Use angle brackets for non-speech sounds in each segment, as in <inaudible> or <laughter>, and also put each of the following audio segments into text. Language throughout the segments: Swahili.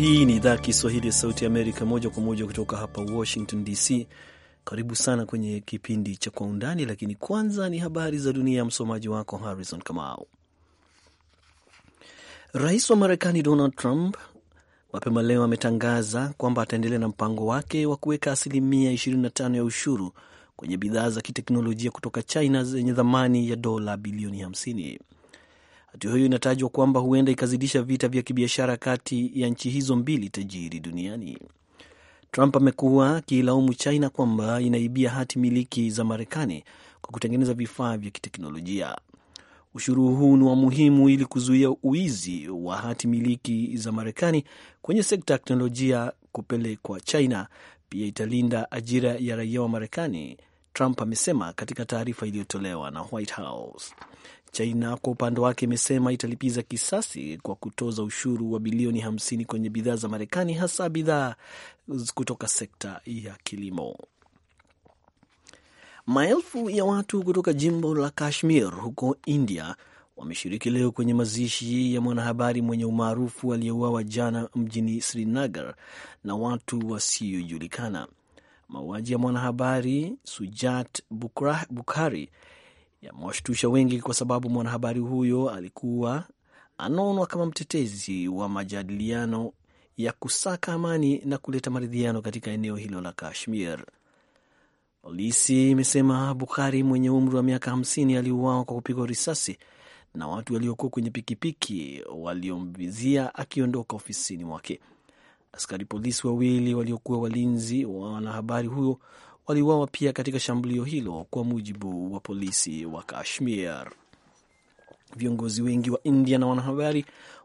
Hii ni idhaa ya Kiswahili ya Sauti Amerika, moja kwa moja kutoka hapa Washington DC. Karibu sana kwenye kipindi cha Kwa Undani, lakini kwanza ni habari za dunia ya msomaji wako Harrison Kamau. Rais wa Marekani Donald Trump mapema leo ametangaza kwamba ataendelea na mpango wake wa kuweka asilimia 25 ya ushuru kwenye bidhaa za kiteknolojia kutoka China zenye thamani ya dola bilioni 50. Hatua hiyo inatajwa kwamba huenda ikazidisha vita vya kibiashara kati ya nchi hizo mbili tajiri duniani. Trump amekuwa akiilaumu China kwamba inaibia hati miliki za Marekani kwa kutengeneza vifaa vya kiteknolojia. Ushuru huu ni wa muhimu ili kuzuia uizi wa hati miliki za Marekani kwenye sekta ya teknolojia kupelekwa China. Pia italinda ajira ya raia wa Marekani, Trump amesema katika taarifa iliyotolewa na White House. China kwa upande wake imesema italipiza kisasi kwa kutoza ushuru wa bilioni 50 kwenye bidhaa za Marekani, hasa bidhaa kutoka sekta ya kilimo. Maelfu ya watu kutoka jimbo la Kashmir huko India wameshiriki leo kwenye mazishi ya mwanahabari mwenye umaarufu aliyeuawa jana mjini Srinagar na watu wasiojulikana. Mauaji ya mwanahabari Sujat Bukhari yamewashtusha wengi kwa sababu mwanahabari huyo alikuwa anaonwa kama mtetezi wa majadiliano ya kusaka amani na kuleta maridhiano katika eneo hilo la Kashmir. Polisi imesema Bukhari mwenye umri wa miaka hamsini aliuawa kwa kupigwa risasi na watu waliokuwa kwenye pikipiki waliomvizia akiondoka ofisini mwake. Askari polisi wawili waliokuwa walinzi wa wanahabari huyo waliuawa pia katika shambulio hilo, kwa mujibu wa polisi wa Kashmir. Viongozi wengi wa India na wanahabari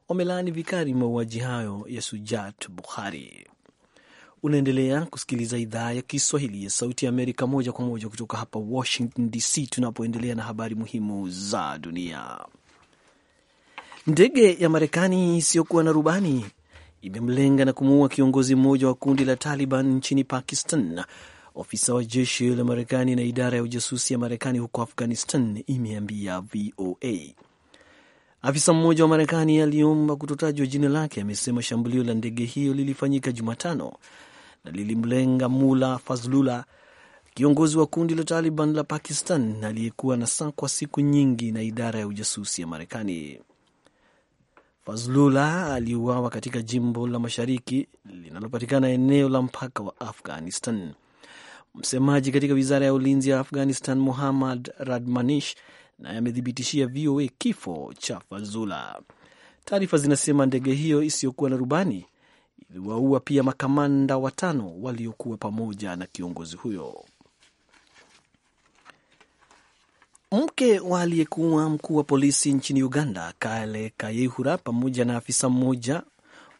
wamelaani vikali mauaji hayo ya Sujat Bukhari. Unaendelea kusikiliza idhaa ya Kiswahili ya Sauti ya Amerika moja kwa moja kutoka hapa Washington DC, tunapoendelea na habari muhimu za dunia. Ndege ya Marekani isiyokuwa na rubani imemlenga na kumuua kiongozi mmoja wa kundi la Taliban nchini Pakistan Ofisa wa jeshi la Marekani na idara ya ujasusi ya Marekani huko Afghanistan imeambia VOA. Afisa mmoja wa Marekani aliomba kutotajwa jina lake amesema shambulio la ndege hiyo lilifanyika Jumatano na lilimlenga Mula Fazlula, kiongozi wa kundi la Taliban la Pakistan aliyekuwa na kwa siku nyingi na idara ya ujasusi ya Marekani. Fazlula aliuawa katika jimbo la mashariki linalopatikana eneo la mpaka wa Afghanistan. Msemaji katika wizara ya ulinzi ya Afghanistan, Muhammad Radmanish, naye amethibitishia VOA kifo cha Fazula. Taarifa zinasema ndege hiyo isiyokuwa na rubani iliwaua pia makamanda watano waliokuwa pamoja na kiongozi huyo. Mke wa aliyekuwa mkuu wa polisi nchini Uganda, Kale Kayihura, pamoja na afisa mmoja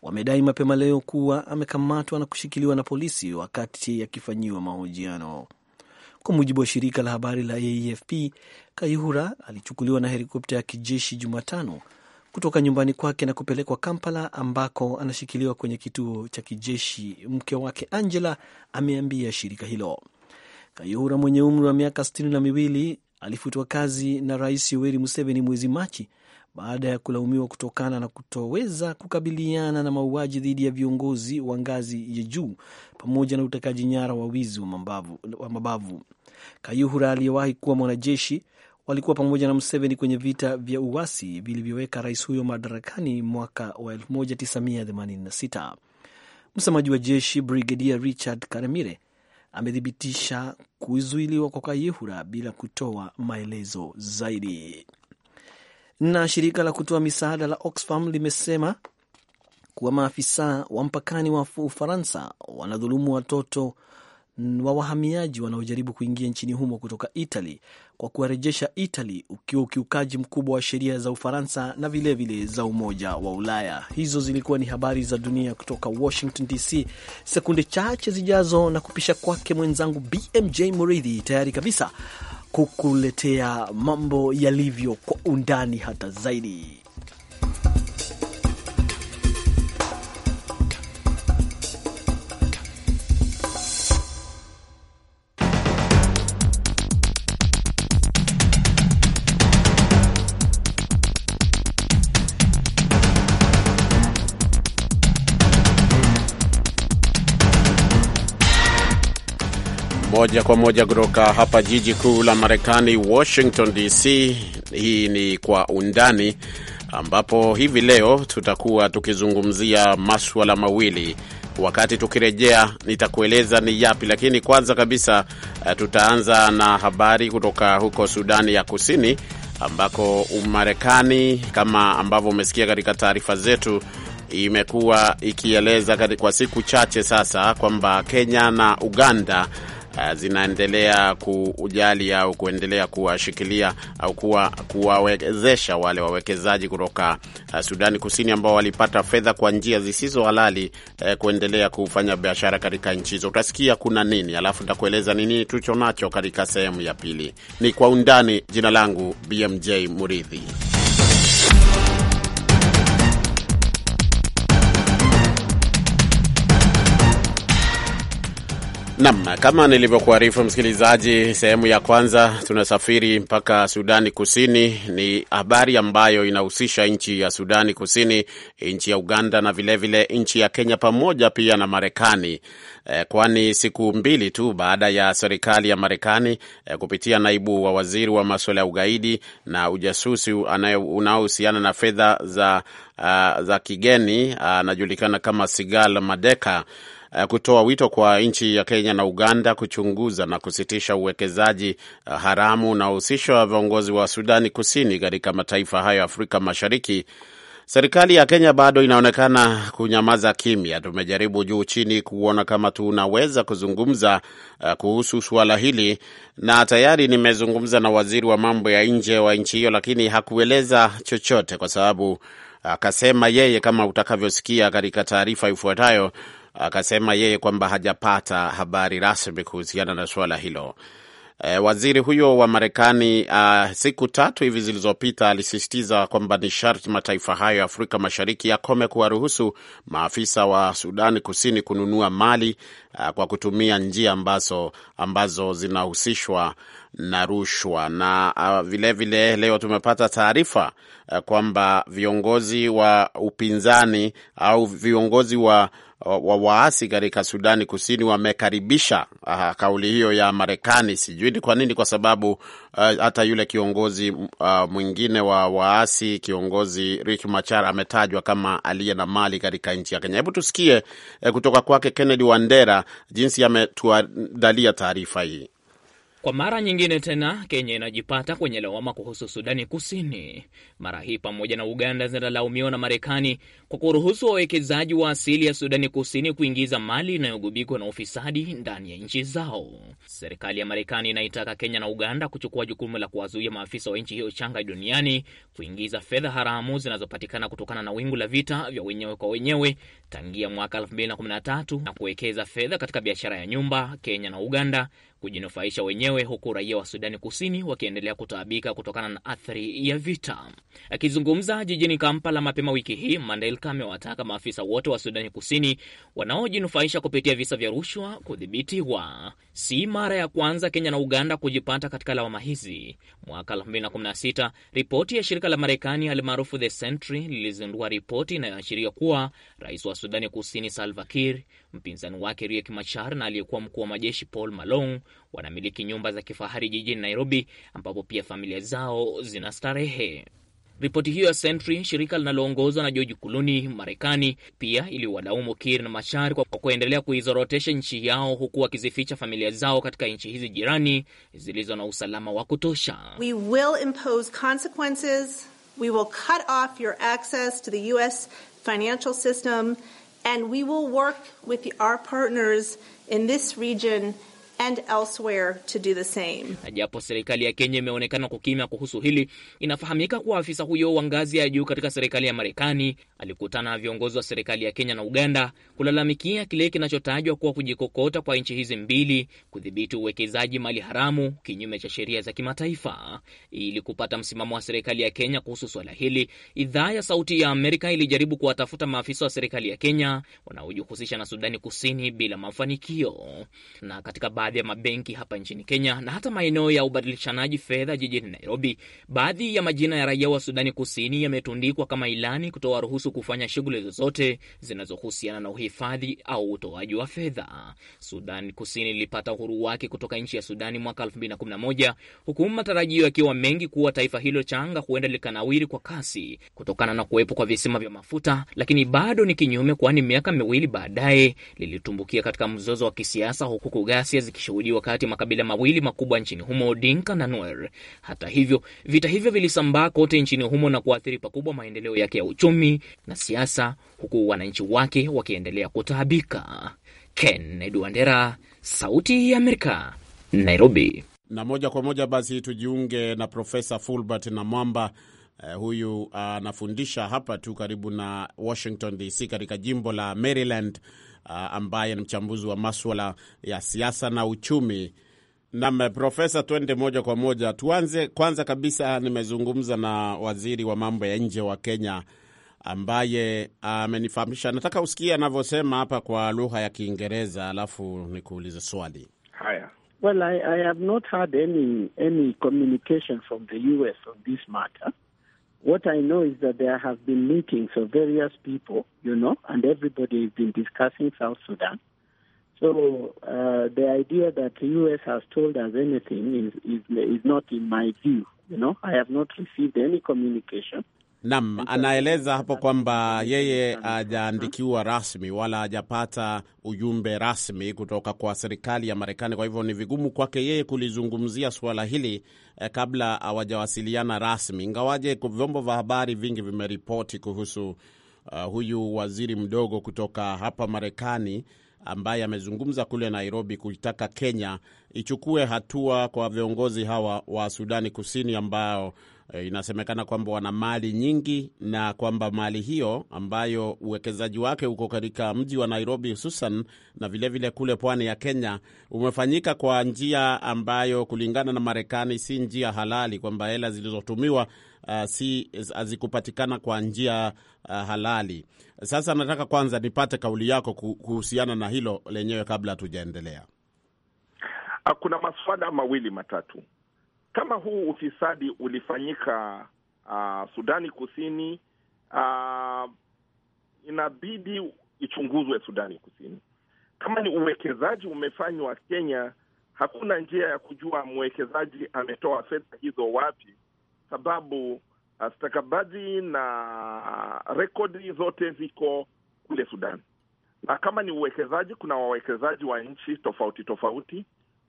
wamedai mapema leo kuwa amekamatwa na kushikiliwa na polisi wakati akifanyiwa mahojiano. Kwa mujibu wa shirika la habari la AFP, Kayihura alichukuliwa na helikopta ya kijeshi Jumatano kutoka nyumbani kwake na kupelekwa Kampala ambako anashikiliwa kwenye kituo cha kijeshi. Mke wake Angela ameambia shirika hilo. Kayihura mwenye umri wa miaka sitini na miwili alifutwa kazi na Rais Yoweri Museveni mwezi Machi baada ya kulaumiwa kutokana na kutoweza kukabiliana na mauaji dhidi ya viongozi wa ngazi ya juu pamoja na utekaji nyara wa wizi wa mabavu. kayuhura aliyewahi kuwa mwanajeshi walikuwa pamoja na Museveni kwenye vita vya uasi vilivyoweka rais huyo madarakani mwaka wa 1986. Msemaji wa jeshi Brigedia Richard Karemire amethibitisha kuzuiliwa kwa Kayihura bila kutoa maelezo zaidi. Na shirika la kutoa misaada la Oxfam limesema kuwa maafisa wa mpakani wa Ufaransa wanadhulumu watoto wa wahamiaji wanaojaribu kuingia nchini humo kutoka Italy kwa kuwarejesha Italy, ukiwa ukiukaji mkubwa wa sheria za Ufaransa na vilevile vile za Umoja wa Ulaya. Hizo zilikuwa ni habari za dunia kutoka Washington DC. Sekunde chache zijazo na kupisha kwake mwenzangu BMJ Muridhi, tayari kabisa kukuletea mambo yalivyo kwa undani hata zaidi. moja kwa moja kutoka hapa jiji kuu la Marekani, Washington DC. Hii ni Kwa Undani, ambapo hivi leo tutakuwa tukizungumzia maswala mawili. Wakati tukirejea, nitakueleza ni yapi, lakini kwanza kabisa eh, tutaanza na habari kutoka huko Sudani ya Kusini, ambako Marekani kama ambavyo umesikia katika taarifa zetu imekuwa ikieleza kwa siku chache sasa kwamba Kenya na Uganda Eh, zinaendelea kujali au kuendelea kuwashikilia au kuwawezesha wale wawekezaji kutoka eh, Sudani Kusini ambao walipata fedha kwa njia zisizo halali eh, kuendelea kufanya biashara katika nchi hizo. Utasikia kuna nini, alafu nitakueleza nini tucho nacho katika sehemu ya pili. Ni kwa undani. Jina langu BMJ Muridhi. Nam, kama nilivyokuarifu msikilizaji, sehemu ya kwanza tunasafiri mpaka Sudani Kusini. Ni habari ambayo inahusisha nchi ya Sudani Kusini, nchi ya Uganda na vilevile nchi ya Kenya pamoja pia na Marekani e, kwani siku mbili tu baada ya serikali ya Marekani e, kupitia naibu wa waziri wa maswala ya ugaidi na ujasusi unaohusiana na fedha za, uh, za kigeni anajulikana uh, kama Sigal Madeka Eh, kutoa wito kwa nchi ya Kenya na Uganda kuchunguza na kusitisha uwekezaji eh, haramu unaohusishwa wa viongozi wa Sudani Kusini katika mataifa hayo Afrika Mashariki. Serikali ya Kenya bado inaonekana kunyamaza kimya. Tumejaribu juu chini kuona kama tunaweza kuzungumza eh, kuhusu suala hili, na tayari nimezungumza na waziri wa mambo ya nje wa nchi hiyo, lakini hakueleza chochote kwa sababu akasema yeye kama utakavyosikia katika taarifa ifuatayo akasema yeye kwamba hajapata habari rasmi kuhusiana na suala hilo. E, waziri huyo wa Marekani uh, siku tatu hivi zilizopita alisisitiza kwamba ni sharti mataifa hayo ya Afrika Mashariki yakome kuwaruhusu maafisa wa Sudani Kusini kununua mali uh, kwa kutumia njia ambazo, ambazo zinahusishwa na rushwa. Na vilevile ah, vile, leo tumepata taarifa eh, kwamba viongozi wa upinzani au viongozi wa wa waasi katika Sudani Kusini wamekaribisha uh, kauli hiyo ya Marekani. Sijui ni kwa nini, kwa sababu uh, hata yule kiongozi uh, mwingine wa waasi kiongozi Riek Machar ametajwa kama aliye na mali katika nchi ya Kenya. Hebu tusikie uh, kutoka kwake Kennedy Wandera jinsi ametuandalia taarifa hii. Kwa mara nyingine tena Kenya inajipata kwenye lawama kuhusu Sudani Kusini. Mara hii pamoja na Uganda zinalaumiwa na Marekani kwa kuruhusu wawekezaji wa asili ya Sudani Kusini kuingiza mali inayogubikwa na ufisadi ndani ya nchi zao. Serikali ya Marekani inaitaka Kenya na Uganda kuchukua jukumu la kuwazuia maafisa wa nchi hiyo changa duniani kuingiza fedha haramu zinazopatikana kutokana na wingu la vita vya wenyewe kwa wenyewe tangia mwaka 2013 na kuwekeza fedha katika biashara ya nyumba Kenya na Uganda kujinufaisha wenyewe, huku raia wa Sudani Kusini wakiendelea kutaabika kutokana na athari ya vita. Akizungumza jijini Kampala mapema wiki hii, Mandelka amewataka maafisa wote wa Sudani Kusini wanaojinufaisha kupitia visa vya rushwa kudhibitiwa. Si mara ya kwanza Kenya na Uganda kujipata katika lawama hizi. Mwaka 2016 ripoti ya shirika la Marekani alimaarufu The Sentry lilizindua ripoti inayoashiria kuwa rais wa Sudani Kusini Salva Kiir Mpinzani wake Riek Machar na aliyekuwa mkuu wa majeshi Paul Malong wanamiliki nyumba za kifahari jijini Nairobi, ambapo pia familia zao zinastarehe. Ripoti hiyo ya Sentry, shirika linaloongozwa na George Kuluni, Marekani, pia iliwalaumu kir na Machar kwa kuendelea kuizorotesha nchi yao huku wakizificha familia zao katika nchi hizi jirani zilizo na usalama wa kutosha. We will impose consequences. We will cut off your access to the US financial system and we will work with our partners in this region and elsewhere to do the same. Japo serikali ya Kenya imeonekana kukimya kuhusu hili, inafahamika kuwa afisa huyo wa ngazi ya juu katika serikali ya Marekani alikutana na viongozi wa serikali ya Kenya na Uganda kulalamikia kile kinachotajwa kuwa kujikokota kwa nchi hizi mbili kudhibiti uwekezaji mali haramu kinyume cha sheria za kimataifa. Ili kupata msimamo wa serikali ya Kenya kuhusu swala hili, idhaa ya Sauti ya Amerika ilijaribu kuwatafuta maafisa wa serikali ya Kenya wanaojihusisha na Sudani Kusini bila mafanikio. Na katika baadhi ya mabenki hapa nchini Kenya na hata maeneo ya ubadilishanaji fedha jijini Nairobi. Baadhi ya majina ya raia wa Sudani Kusini yametundikwa kama ilani kutoa ruhusu kufanya shughuli zozote zinazohusiana na uhifadhi au utoaji wa fedha. Sudani Kusini ilipata uhuru wake kutoka nchi ya Sudani mwaka 2011 huku matarajio yakiwa mengi kuwa taifa hilo changa huenda likanawiri kwa kasi kutokana na kuwepo kwa visima vya mafuta, lakini bado ni kinyume, kwani miaka miwili baadaye lilitumbukia katika mzozo wa kisiasa huku ghasia yakishuhudiwa kati ya makabila mawili makubwa nchini humo, Dinka na Nuer. Hata hivyo, vita hivyo vilisambaa kote nchini humo na kuathiri pakubwa maendeleo yake ya uchumi na siasa, huku wananchi wake wakiendelea kutaabika. Kennedy Wandera, Sauti ya Amerika, Nairobi. Na moja kwa moja basi tujiunge na Profesa Fulbert na Mwamba. Uh, eh, huyu anafundisha uh, hapa tu karibu na Washington DC katika jimbo la Maryland Uh, ambaye ni mchambuzi wa maswala ya siasa na uchumi. Nam Profesa, twende moja kwa moja, tuanze kwanza kabisa. Nimezungumza na waziri wa mambo ya nje wa Kenya ambaye amenifahamisha. Nataka usikie anavyosema hapa kwa lugha ya Kiingereza, alafu nikuulize swali. Haya. Well, I, I have not any, any communication from the US on this matter. What I know is that there have been meetings of various people, you know, and everybody has been discussing South Sudan. So uh, the idea that the U.S. has told us anything is, is, is not in my view. You know, I have not received any communication Naam, anaeleza hapo kwamba yeye hajaandikiwa rasmi wala hajapata ujumbe rasmi kutoka kwa serikali ya Marekani, kwa hivyo ni vigumu kwake yeye kulizungumzia suala hili eh, kabla hawajawasiliana rasmi, ingawaje vyombo vya habari vingi vimeripoti kuhusu uh, huyu waziri mdogo kutoka hapa Marekani ambaye amezungumza kule Nairobi kuitaka Kenya ichukue hatua kwa viongozi hawa wa Sudani Kusini ambao Eh, inasemekana kwamba wana mali nyingi na kwamba mali hiyo ambayo uwekezaji wake uko katika mji wa Nairobi hususan na vilevile vile kule pwani ya Kenya umefanyika kwa njia ambayo kulingana na Marekani si njia halali, kwamba hela zilizotumiwa uh, si hazikupatikana kwa njia uh, halali. Sasa nataka kwanza nipate kauli yako kuhusiana na hilo lenyewe kabla hatujaendelea. Ah, kuna masuala mawili matatu kama huu ufisadi ulifanyika uh, Sudani Kusini, uh, inabidi ichunguzwe Sudani Kusini. Kama ni uwekezaji umefanywa Kenya, hakuna njia ya kujua mwekezaji ametoa fedha hizo wapi, sababu ah, stakabadhi na rekodi zote ziko kule Sudan. Na kama ni uwekezaji, kuna wawekezaji wa nchi tofauti tofauti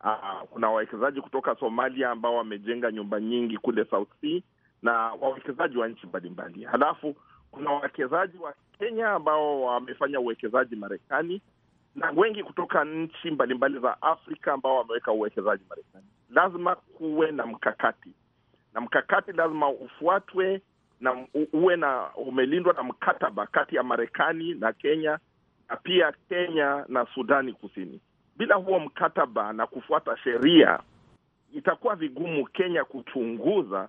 Uh, kuna wawekezaji kutoka Somalia ambao wamejenga nyumba nyingi kule South Sea na wawekezaji wa nchi mbalimbali. Halafu kuna wawekezaji wa Kenya ambao wamefanya uwekezaji Marekani na wengi kutoka nchi mbalimbali za Afrika ambao wameweka uwekezaji Marekani. Lazima kuwe na mkakati, na mkakati lazima ufuatwe na uwe na umelindwa na mkataba kati ya Marekani na Kenya na pia Kenya na Sudani Kusini bila huo mkataba na kufuata sheria itakuwa vigumu Kenya kuchunguza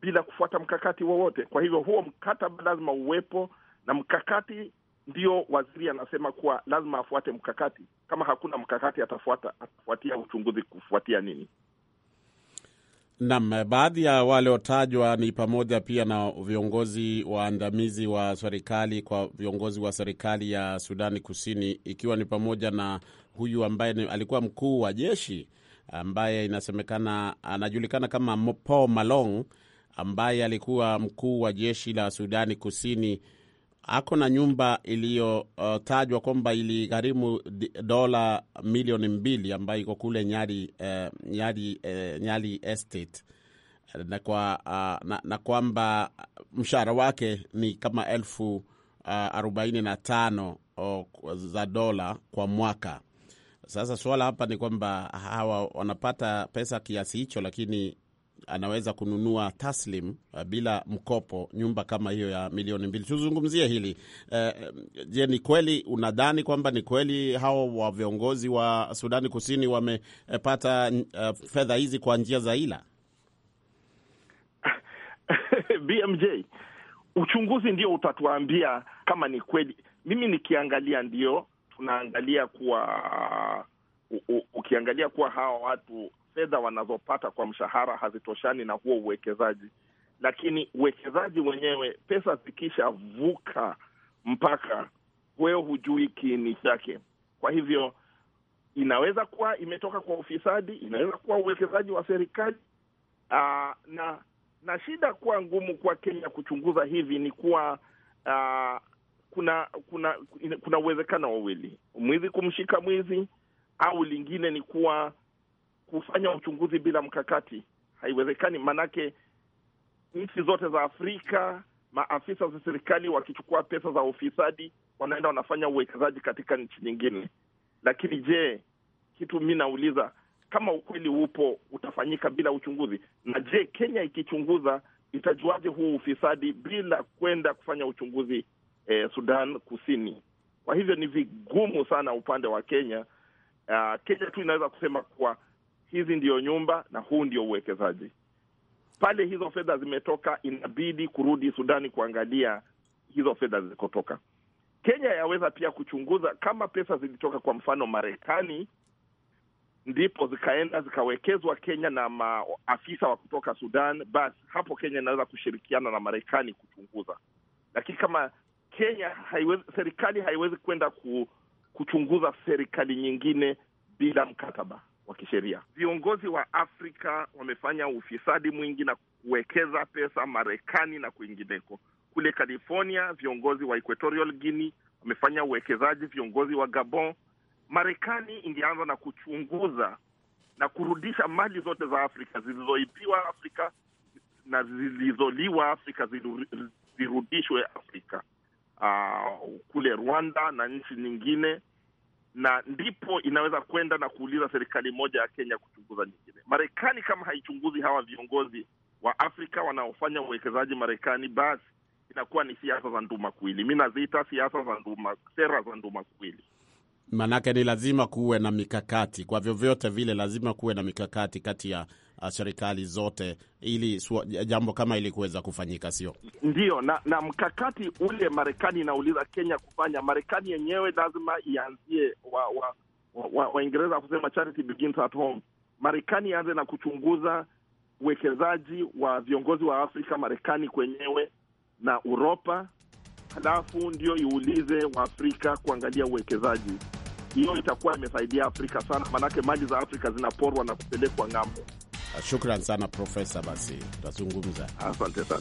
bila kufuata mkakati wowote. Kwa hivyo huo mkataba lazima uwepo, na mkakati ndio waziri anasema kuwa lazima afuate mkakati. Kama hakuna mkakati, atafuata atafuatia uchunguzi kufuatia nini? Naam, baadhi ya waliotajwa ni pamoja pia na viongozi waandamizi wa serikali kwa viongozi wa serikali ya Sudani Kusini, ikiwa ni pamoja na huyu ambaye ni, alikuwa mkuu wa jeshi ambaye inasemekana anajulikana kama Paul Malong ambaye alikuwa mkuu wa jeshi la Sudani Kusini ako na nyumba iliyotajwa uh, kwamba iligharimu dola milioni mbili ambayo iko kule Nyali, eh, Nyali, eh, Nyali Estate na kwa uh, na, na kwamba mshahara wake ni kama elfu uh, arobaini na tano uh, za dola kwa mwaka sasa suala hapa ni kwamba hawa wanapata pesa kiasi hicho, lakini anaweza kununua taslim eh, bila mkopo nyumba kama hiyo ya milioni mbili. Tuzungumzie hili e, je, ni kweli unadhani kwamba ni kweli hao wa viongozi wa Sudani Kusini wamepata uh, fedha hizi kwa njia za ila? <laughs> BMJ, uchunguzi ndio utatuambia kama ni kweli. Mimi nikiangalia, ndio tunaangalia kuwa u, u, ukiangalia kuwa hawa watu fedha wanazopata kwa mshahara hazitoshani na huo uwekezaji, lakini uwekezaji wenyewe, pesa zikishavuka mpaka wewe hujui kiini chake. Kwa hivyo inaweza kuwa imetoka kwa ufisadi, inaweza kuwa uwekezaji wa serikali. na na shida kuwa ngumu kwa Kenya kuchunguza hivi ni kuwa kuna kuna kuna uwezekano wawili, mwizi kumshika mwizi, au lingine ni kuwa kufanya uchunguzi bila mkakati. Haiwezekani, maanake nchi zote za Afrika maafisa za serikali wakichukua pesa za ufisadi wanaenda wanafanya uwekezaji katika nchi nyingine. Lakini je, kitu mi nauliza kama ukweli upo utafanyika bila uchunguzi? Na je, Kenya ikichunguza itajuaje huu ufisadi bila kwenda kufanya uchunguzi eh, Sudan Kusini. Kwa hivyo ni vigumu sana upande wa Kenya. Uh, Kenya tu inaweza kusema kuwa hizi ndiyo nyumba na huu ndio uwekezaji. Pale hizo fedha zimetoka, inabidi kurudi Sudani kuangalia hizo fedha zilikotoka. Kenya yaweza pia kuchunguza kama pesa zilitoka kwa mfano Marekani, ndipo zikaenda zikawekezwa Kenya na maafisa wa kutoka Sudan, basi hapo Kenya inaweza kushirikiana na Marekani kuchunguza. Lakini kama Kenya haiwezi, serikali haiwezi kwenda ku, kuchunguza serikali nyingine bila mkataba wa kisheria. Viongozi wa Afrika wamefanya ufisadi mwingi na kuwekeza pesa Marekani na kwingineko. Kule California viongozi wa Equatorial Guinea wamefanya uwekezaji, viongozi wa Gabon. Marekani ingeanza na kuchunguza na kurudisha mali zote za Afrika zilizoibiwa Afrika na zilizoliwa Afrika zirudishwe Afrika uh, kule Rwanda na nchi nyingine, na ndipo inaweza kwenda na kuuliza serikali moja ya Kenya kuchunguza nyingine. Marekani kama haichunguzi hawa viongozi wa Afrika wanaofanya uwekezaji Marekani, basi inakuwa ni siasa za nduma kwili. Mi naziita siasa za nduma, sera za nduma kwili. Maanake ni lazima kuwe na mikakati, kwa vyovyote vile lazima kuwe na mikakati kati ya Uh, serikali zote ili jambo kama ili kuweza kufanyika, sio ndio? Na, na mkakati ule Marekani inauliza Kenya kufanya, Marekani yenyewe lazima ianzie Waingereza wa, wa, wa kusema charity begins at home. Marekani ianze na kuchunguza uwekezaji wa viongozi wa Afrika, Marekani kwenyewe na Uropa, halafu ndio iulize Waafrika kuangalia uwekezaji. Hiyo itakuwa imesaidia Afrika sana, maanake mali za Afrika zinaporwa na kupelekwa ng'ambo. Ah, shukran sana Profesa, basi tutazungumza. Asante sana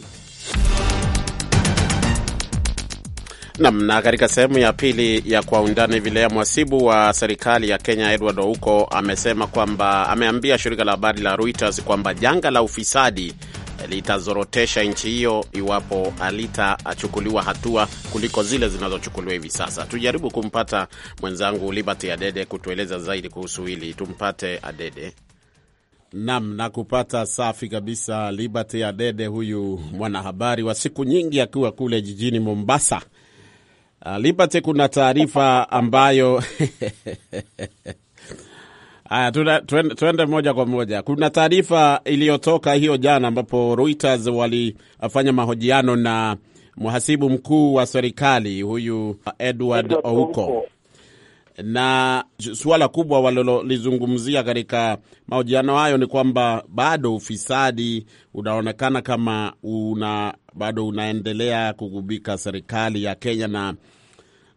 nam. Na katika sehemu ya pili ya kwa undani vilea, mwasibu wa serikali ya Kenya Edward Ouko amesema kwamba ameambia shirika la habari la Reuters kwamba janga la ufisadi litazorotesha nchi hiyo iwapo alitachukuliwa hatua kuliko zile zinazochukuliwa hivi sasa. Tujaribu kumpata mwenzangu Liberty Adede kutueleza zaidi kuhusu hili. Tumpate Adede. Nam na kupata safi kabisa. Liberty Adede, huyu mwanahabari wa siku nyingi akiwa kule jijini Mombasa. Uh, Liberty, kuna taarifa ambayo haya, <laughs> tuende, moja kwa moja. Kuna taarifa iliyotoka hiyo jana, ambapo Reuters walifanya mahojiano na mhasibu mkuu wa serikali huyu Edward Ouko na suala kubwa walilolizungumzia katika mahojiano hayo ni kwamba bado ufisadi unaonekana kama una bado unaendelea kugubika serikali ya Kenya, na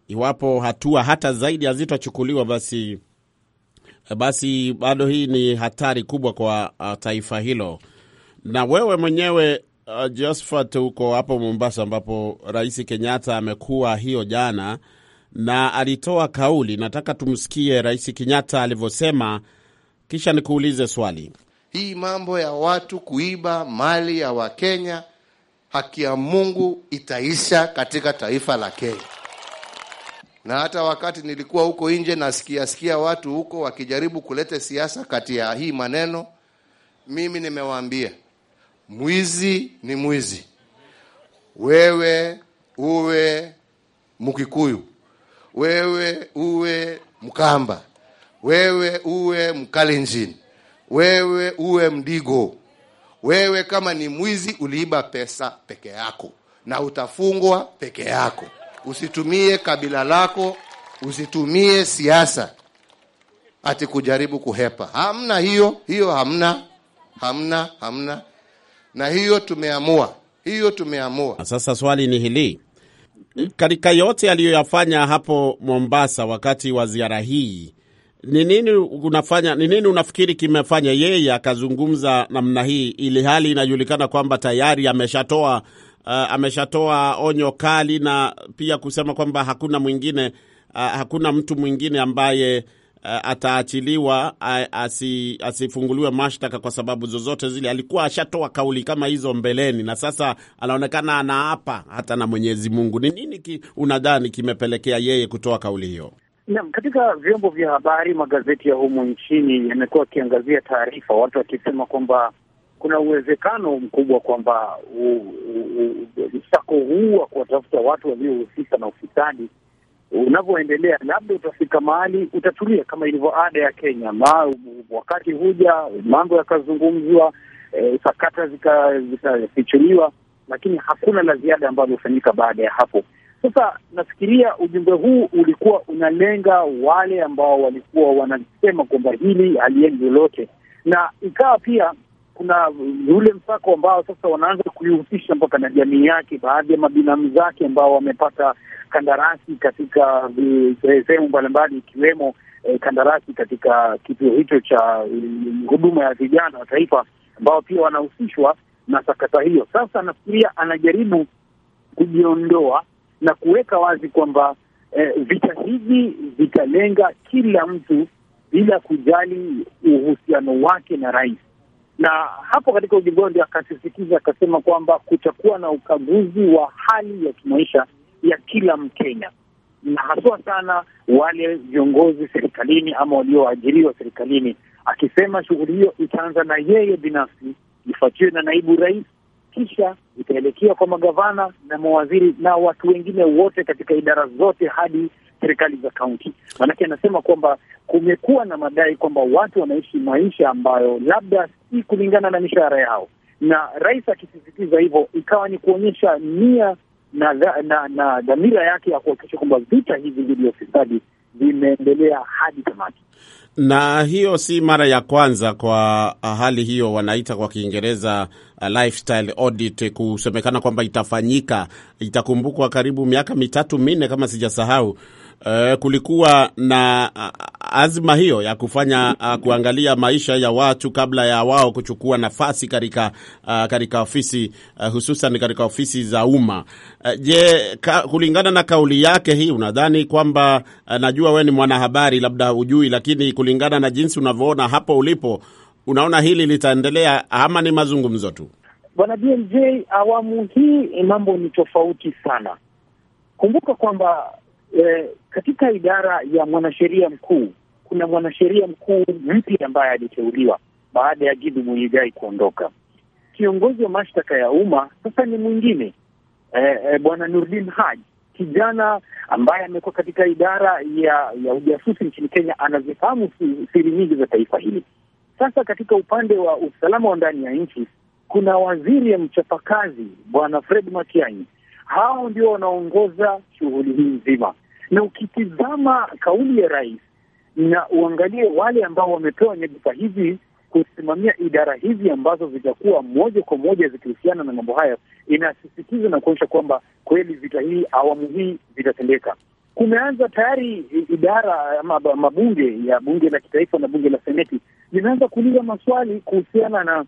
iwapo hatua hata zaidi hazitachukuliwa basi basi bado hii ni hatari kubwa kwa uh, taifa hilo. Na wewe mwenyewe uh, Josephat, huko hapo Mombasa ambapo Rais Kenyatta amekuwa hiyo jana na alitoa kauli. Nataka tumsikie Rais Kenyatta alivyosema, kisha nikuulize swali. Hii mambo ya watu kuiba mali ya Wakenya, haki ya Mungu itaisha katika taifa la Kenya. Na hata wakati nilikuwa huko nje nasikia sikia watu huko wakijaribu kuleta siasa kati ya hii maneno, mimi nimewaambia mwizi ni mwizi. Wewe uwe Mkikuyu, wewe uwe Mkamba, wewe uwe Mkalenjin, wewe uwe Mdigo. Wewe kama ni mwizi, uliiba pesa peke yako na utafungwa peke yako. Usitumie kabila lako, usitumie siasa ati kujaribu kuhepa. Hamna hiyo hiyo, hamna hamna hamna, na hiyo tumeamua, hiyo tumeamua. Sasa swali ni hili katika yote aliyoyafanya hapo Mombasa wakati wa ziara hii, ni nini unafanya, ni nini unafikiri kimefanya yeye akazungumza namna hii, ili hali inajulikana kwamba tayari ameshatoa uh, ameshatoa onyo kali na pia kusema kwamba hakuna mwingine uh, hakuna mtu mwingine ambaye Eh, ataachiliwa uh, asifunguliwe mashtaka kwa sababu zozote zile. Alikuwa ashatoa kauli kama hizo mbeleni, na sasa anaonekana anaapa hata na Mwenyezi Mungu. Ni nini ki, unadhani kimepelekea yeye kutoa kauli hiyo? Naam, katika vyombo vya habari, magazeti ya humu nchini yamekuwa akiangazia taarifa, watu wakisema kwamba kuna uwezekano mkubwa kwamba msako huu wa kuwatafuta watu waliohusika na ufisadi unavyoendelea labda utafika mahali utatulia, kama ilivyo ada ya Kenya. Ma, wakati huja mambo yakazungumzwa, e, sakata zikafichuliwa, zika, lakini hakuna la ziada ambalo hufanyika baada ya hapo. Sasa nafikiria ujumbe huu ulikuwa unalenga wale ambao walikuwa wanasema kwamba hili haliendi lolote, na ikawa pia kuna yule msako ambao sasa wanaanza kuihusisha mpaka na jamii yake, baadhi ya mabinamu zake ambao wamepata kandarasi katika eh, sehemu mbalimbali ikiwemo eh, kandarasi katika kituo hicho cha eh, huduma ya vijana wa taifa ambao pia wanahusishwa na sakata hiyo. Sasa nafikiria anajaribu kujiondoa na kuweka wazi kwamba eh, vita hivi vitalenga kila mtu bila kujali uhusiano wake na rais. Na hapo katika ujumbe ndio akasisitiza akasema kwamba kutakuwa na ukaguzi wa hali ya kimaisha ya kila Mkenya, na haswa sana wale viongozi serikalini ama walioajiriwa serikalini, akisema shughuli hiyo itaanza na yeye binafsi, ifuatiwe na naibu rais, kisha itaelekea kwa magavana na mawaziri na watu wengine wote katika idara zote hadi serikali za kaunti. Maanake anasema kwamba kumekuwa na madai kwamba watu wanaishi maisha ambayo labda si kulingana na mishahara yao, na rais akisisitiza hivyo ikawa ni kuonyesha nia na dhamira na, na, dhamira yake ya kuhakikisha kwamba vita hivi dhidi ya ufisadi vimeendelea hadi tamati. Na hiyo si mara ya kwanza kwa ah, hali hiyo, wanaita kwa Kiingereza uh, lifestyle audit kusemekana kwamba itafanyika. Itakumbukwa karibu miaka mitatu minne kama sijasahau uh, kulikuwa na ah, azma hiyo ya kufanya uh, kuangalia maisha ya watu kabla ya wao kuchukua nafasi katika uh, katika ofisi uh, hususan katika ofisi za umma uh, je, ka, kulingana na kauli yake hii unadhani kwamba uh, najua we ni mwanahabari labda hujui, lakini kulingana na jinsi unavyoona hapo ulipo unaona hili litaendelea ama ni mazungumzo tu? Bwana BMJ, awamu hii mambo ni tofauti sana. Kumbuka kwamba e, katika idara ya mwanasheria mkuu kuna mwanasheria mkuu mpya ambaye aliteuliwa baada ya Githu Muigai kuondoka. Kiongozi wa mashtaka ya umma sasa ni mwingine e, e, bwana Nurdin Haji, kijana ambaye amekuwa katika idara ya ya ujasusi nchini Kenya, anazifahamu siri nyingi za taifa hili. Sasa katika upande wa usalama wa ndani ya nchi kuna waziri ya mchapakazi bwana Fred Matiang'i hao ndio wanaongoza shughuli hii nzima. Na ukitizama kauli ya rais na uangalie wale ambao wamepewa nyadhifa hizi kusimamia idara hizi ambazo zitakuwa moja kwa moja zikihusiana na mambo hayo, inasisitiza na kuonyesha kwamba kweli vita hii awamu hii vitatendeka. Kumeanza tayari idara ama mabunge ya bunge la kitaifa na bunge la seneti limeanza kuuliza maswali kuhusiana na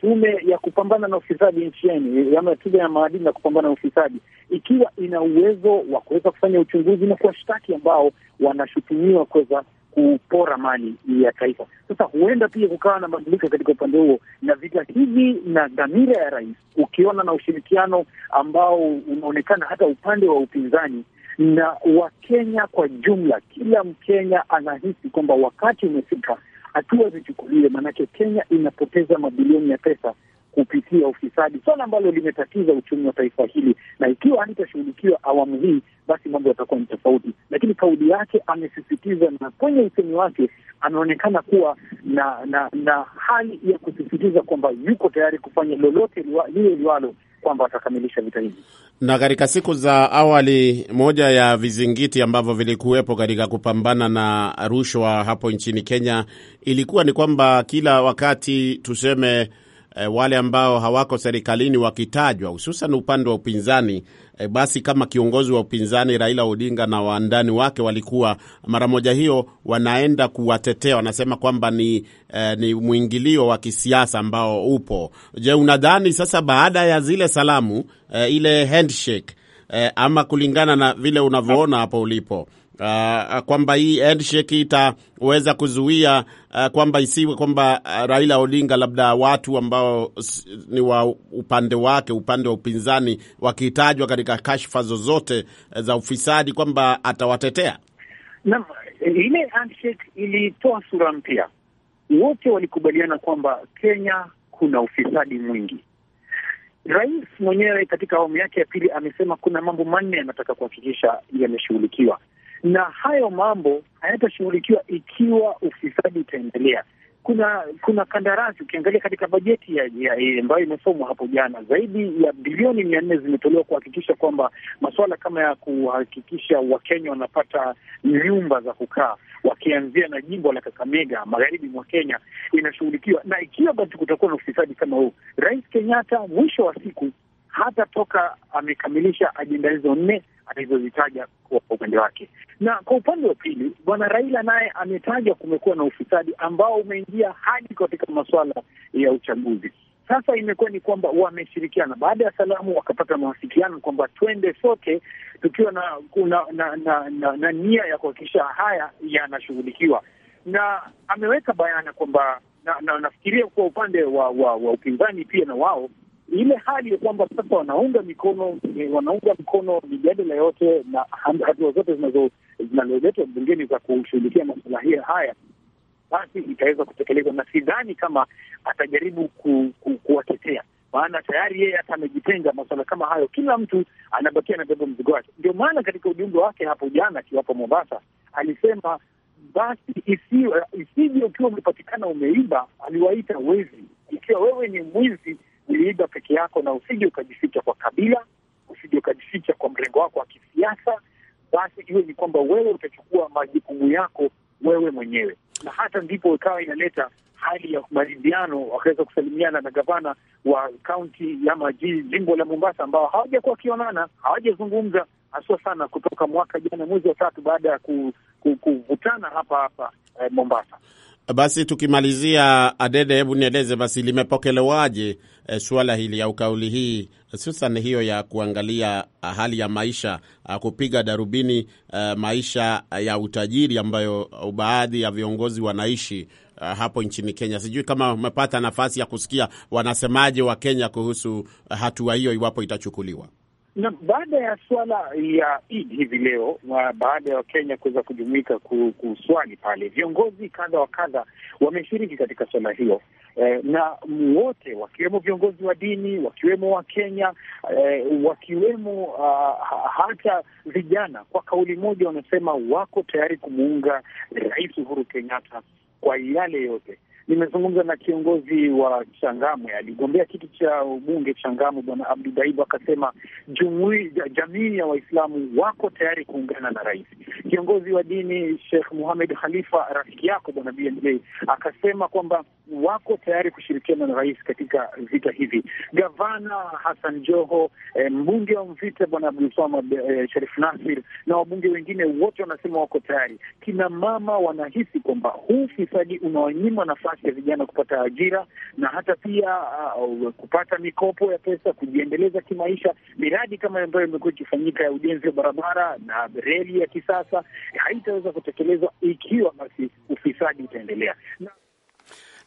tume ya kupambana na ufisadi nchini, ama tume ya maadili na kupambana na ufisadi, ikiwa ina uwezo wa kuweza kufanya uchunguzi na kuwashtaki ambao wanashutumiwa kuweza kupora mali ya taifa. Sasa huenda pia kukawa na mabadiliko katika upande huo, na vita hivi na dhamira ya rais, ukiona na ushirikiano ambao unaonekana hata upande wa upinzani na Wakenya kwa jumla, kila Mkenya anahisi kwamba wakati umefika hatua zichukuliwe, maanake Kenya inapoteza mabilioni ya pesa kupitia ufisadi, swala ambalo limetatiza uchumi wa taifa hili, na ikiwa halitashughulikiwa awamu hii, basi mambo yatakuwa ni tofauti. Lakini kauli yake amesisitiza, na kwenye usemi wake anaonekana kuwa na na, na hali ya kusisitiza kwamba yuko tayari kufanya lolote liwe liwalo kwamba watakamilisha vita hivi. Na katika siku za awali, moja ya vizingiti ambavyo vilikuwepo katika kupambana na rushwa hapo nchini Kenya ilikuwa ni kwamba kila wakati tuseme e, wale ambao hawako serikalini wakitajwa, hususan upande wa upinzani e, basi kama kiongozi wa upinzani Raila Odinga na wandani wake walikuwa mara moja hiyo wanaenda kuwatetea, wanasema kwamba ni, e, ni mwingilio wa kisiasa ambao upo. Je, unadhani sasa baada ya zile salamu e, ile handshake e, ama kulingana na vile unavyoona hapo ulipo uh, kwamba hii handshake itaweza kuzuia uh, kwamba isiwe kwamba uh, Raila Odinga labda watu ambao ni wa upande wake upande wa upinzani wakitajwa katika kashfa zozote eh, za ufisadi kwamba atawatetea. Naam, ile handshake ilitoa sura mpya. Wote walikubaliana kwamba Kenya kuna ufisadi mwingi. Rais mwenyewe katika awamu yake ya pili amesema kuna mambo manne anataka kuhakikisha yameshughulikiwa na hayo mambo hayatashughulikiwa ikiwa ufisadi utaendelea. Kuna kuna kandarasi, ukiangalia katika bajeti ya ambayo imesomwa hapo jana, zaidi ya bilioni mia nne zimetolewa kuhakikisha kwamba masuala kama ya kuhakikisha Wakenya wanapata nyumba za kukaa, wakianzia na jimbo la Kakamega magharibi mwa Kenya inashughulikiwa. Na ikiwa basi kutakuwa na ufisadi kama huu, Rais Kenyatta mwisho wa siku hata toka amekamilisha ajenda hizo nne alizozitaja kwa upande wake. Na kwa upande wa pili, bwana Raila naye ametaja kumekuwa na ufisadi ambao umeingia hadi katika masuala ya uchaguzi. Sasa imekuwa ni kwamba wameshirikiana, baada ya salamu wakapata mawasikiano kwamba twende sote tukiwa na na, na, na, na, na nia ya kuhakikisha haya yanashughulikiwa, na ameweka bayana kwamba na, na, nafikiria kwa upande wa, wa, wa upinzani pia na wao ile hali ya kwamba sasa wanaunga mikono eh, wanaunga mkono mijadala yote na hatua zote zinazoletwa bungeni za kushughulikia hiyo haya, basi itaweza kutekelezwa, na sidhani kama atajaribu ku, ku, kuwatetea maana tayari yeye hata amejitenga masuala kama hayo, kila mtu anabakia anabeba mzigo wake. Ndio maana katika ujumbe wake hapo jana akiwapo Mombasa alisema basi isivyo ukiwa umepatikana umeiba, aliwaita wezi. Ikiwa wewe ni mwizi kuliiga peke yako, na usije ukajificha kwa kabila, usije ukajificha kwa mrengo wako wa kisiasa. Basi iwe ni kwamba wewe utachukua majukumu yako wewe mwenyewe, na hata ndipo ikawa inaleta hali ya maridhiano, wakaweza kusalimiana na gavana wa kaunti ama jimbo la Mombasa, ambao hawajakuwa wakionana, hawajazungumza haswa sana kutoka mwaka jana mwezi wa tatu, baada ya kuvutana hapa hapa eh, Mombasa. Basi tukimalizia, Adede, hebu nieleze basi limepokelewaje e, suala hili au kauli hii hususan hiyo ya kuangalia ah, hali ya maisha, ah, kupiga darubini e, maisha ya utajiri ambayo uh, baadhi ya viongozi wanaishi ah, hapo nchini Kenya. Sijui kama umepata nafasi ya kusikia wanasemaje wa Kenya kuhusu hatua wa hiyo iwapo itachukuliwa. Na baada ya suala ya Eid hivi leo, baada ya Wakenya kuweza kujumuika kuswali pale, viongozi kadha wa kadha wameshiriki katika swala hiyo eh, na wote wakiwemo viongozi wa dini, wakiwemo Wakenya eh, wakiwemo uh, hata vijana, kwa kauli moja wanasema wako tayari kumuunga Rais Uhuru Kenyatta kwa yale yote Nimezungumza na kiongozi wa Changamwe aligombea kiti cha ubunge Changamwe, Bwana Abdu Daibu akasema jamii ya Waislamu wako tayari kuungana na rais. Kiongozi wa dini Sheikh Muhamed Khalifa, rafiki yako Bwana BMJ, akasema kwamba wako tayari kushirikiana na rais katika vita hivi. Gavana Hassan Joho, eh, mbunge wa Mvita Bwana Abdulswamad eh, Sharif Nasir na wabunge wengine wote wanasema wako tayari. Kina mama wanahisi kwamba huu fisadi unawanyima nafasi katika vijana kupata ajira na hata pia uh, uh, kupata mikopo ya pesa kujiendeleza kimaisha. Miradi kama ambayo imekuwa ikifanyika ya ujenzi wa barabara na reli ya kisasa haitaweza kutekelezwa ikiwa basi ufisadi utaendelea na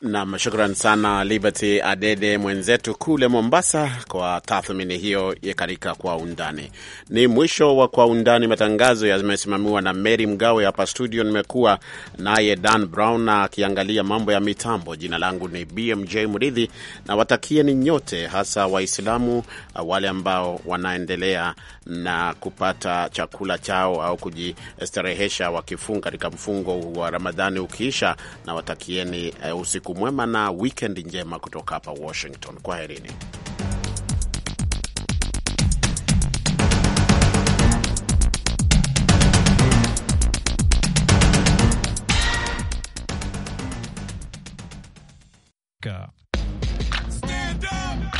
Nam, shukran sana Liberty Adede mwenzetu kule Mombasa kwa tathmini hiyo katika Kwa Undani. Ni mwisho wa Kwa Undani. Matangazo yamesimamiwa na Mary Mgawe hapa studio, nimekuwa naye Dan Brown akiangalia mambo ya mitambo. Jina langu ni BMJ Muridhi na watakieni nyote, hasa Waislamu wale ambao wanaendelea na kupata chakula chao au kujistarehesha wakifunga katika mfungo wa Ramadhani ukiisha, na watakieni eh, usiku usiku mwema na wikendi njema kutoka hapa Washington. Kwaherini.